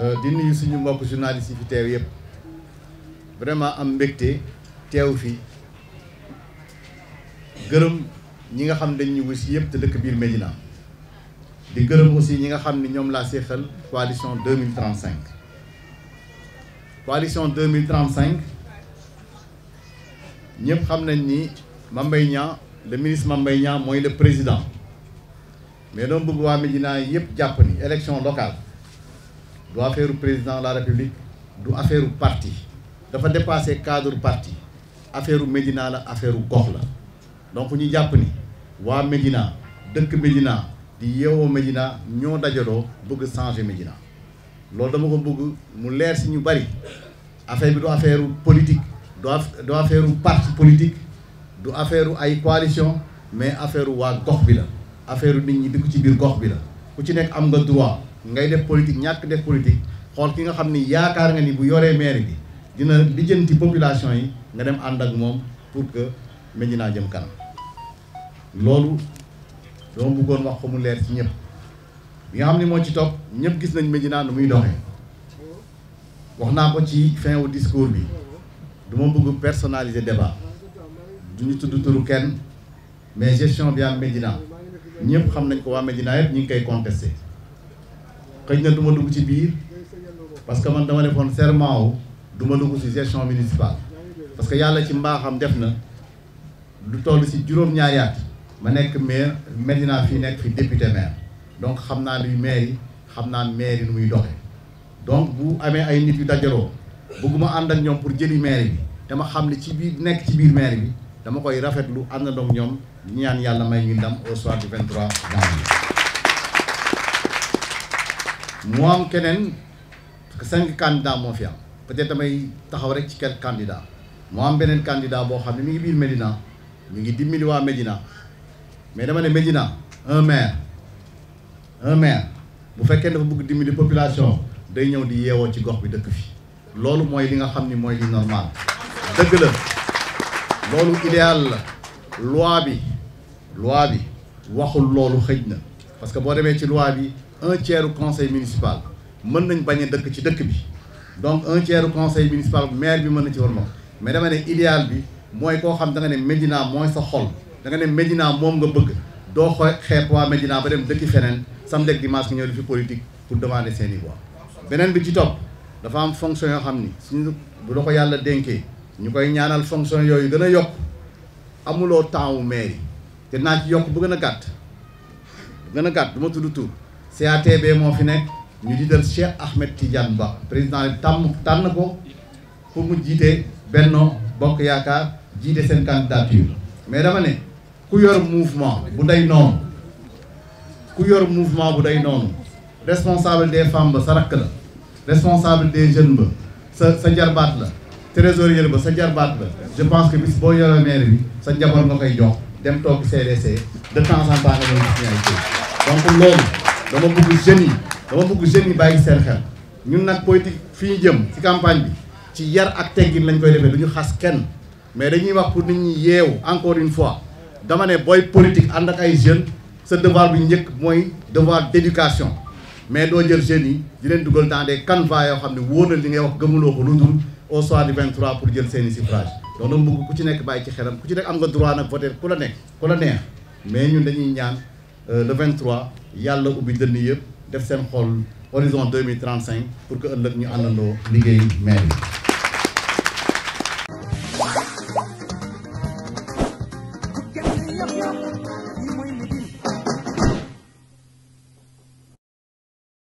Euh, di nuyu suñu mbokk journaliste yi fi teew yëpp vraiment am mbégte teew fii gërëm ñi nga xam dañ ñu wis yëpp te dëkk biir Médina di gërëm aussi ñi nga xam ni ñoom laa seexal coalition 2035 coalition 2035 ñëpp xam nañ ni Mame Mbaye le ministre Mame mooy le président mais doon bëgg waa Médina yëpp jàpp ni élection locale du affaire président de la république du affaire parti dafa dépassé cadre parti affaire Médina la affaire gox la donc ñu jàpp ni waa Médina dëkk Médina di yeewoo Médina ñoo dajaloo bëgg changer Médina loolu dama ko bëgg mu leer si ñu bari affaire bi du affaire politique du affaire parti politique. du affaire ay coalition mais affaire waa gox bi la affaire nit ñi dëkk ci biir gox bi la ku ci nekk am nga droit ngay def politique ñàkk def politique xool ki nga xam ni yaakaar nga ni bu yoree maire bi dina lijjanti population yi nga dem ànd ak moom pour que Médina jëm kanam loolu dama bëggoon wax ko mu leer ci ñëpp bi xam ni moo ci topp ñëpp gis nañ Médina nu muy doxee wax naa ko ci fin wu discours bi du ma bëgg personnaliser débat du ñu tudd turu kenn mais gestion bi am Médina ñëpp xam nañ ko waa Médina yëpp ñu ngi koy contesté xëy na duma ma dugg ci biir parce que man dama defoon serment wu du ma dugg ci gestion municipale parce que yàlla ci mbaaxam def na lu toll ci juróom-ñaari ma nekk maire Médina fii nekk fi député maire donc xam naa luy maire yi xam naa maire yi nu muy doxe donc bu amee ay nit yu dajaloo bëgguma ànd ak ñoom pour jëli maire bi ma xam ne ci biir nekk ci biir maire bi dama koy rafetlu ànd ndox ñoom di ñaan yàlla may ñu ndam au soir du 23 janvier am keneen parce que cinq candidats moo fi am peut-être damay taxaw rek ci quelques candidats moo am beneen candidat boo xam ne mi ngi biir Médina mi ngi dimbali waa Médina mais dama ne Médina un maire un maire bu fekkee dafa bugg dimbali population day ñëw di yeewoo ci gox bi dëkk fi loolu mooy li nga xam ni mooy li normal dëgg la. loolu idéal la loi bi loi bi waxul loolu xëj na parce que boo demee ci loi bi un tiers conseil municipal mën nañ bañ a dëkk ci dëkk bi donc un tiers conseil municipal maire bi mën na ci war moom mais dama ne idéal bi mooy koo xam da nga ne Médina mooy sa xol da nga ne Médina moom nga bëgg doo xeet xeeb waa Médina ba dem dëkki feneen samedi ak dimanche ñëw di fi politique pour demander seen i voix beneen bi ci topp dafa am fonction yoo xam ni suñu bu la ko yàlla dénkee ñu koy ñaanal fonction yooyu gën a yokk amuloo temps wu mairie te naa ci yokk bu gën a gàtt bu gën a gàtt du ma tudd tur CATB moo fi nekk ñu jiital Cheikh Ahmed Tidiane Ba président bi tàmm tànn ko pour mu jiite Benno Bokk Yaakaar jiite seen candidature mais dama ne ku yor mouvement bu day noonu ku yor mouvement bu day noonu responsable des femmes ba sa rakk la responsable des jeunes ba sa sa jarbaat la trésorier ba sa jarbaat la je pense que bis boo yore maire bi sa njaboot nga koy jox dem toog CDC de temps en temps nga doon gis ñaari donc loolu dama bëgg jeunes yi dama bëgg jeunes bàyyi seen xel ñun nag politique fi ñu jëm ci campagne bi ci yar ak teggin lañ koy defee du ñu xas kenn mais dañuy wax pour nit ñi yeewu encore une fois dama ne booy politique ànd ak ay jeunes sa devoir bu njëkk mooy devoir d'éducation mais doo jël jeunes yi di leen dugal dans des canevas yoo xam ne wóor na li ngay wax gëmuloo ko lu au soir du 23 pour jël seen suffrage donc dama bëgg ku ci nekk bàyyi ci xelam ku ci nekk am nga droit nag voter ku la nekk ku la neex mais ñun dañuy ñaan euh, le 23 yàlla ubbi dënn yëpp def seen xol horizon 2035 pour que ëllëg ñu àndandoo liggéey maire yi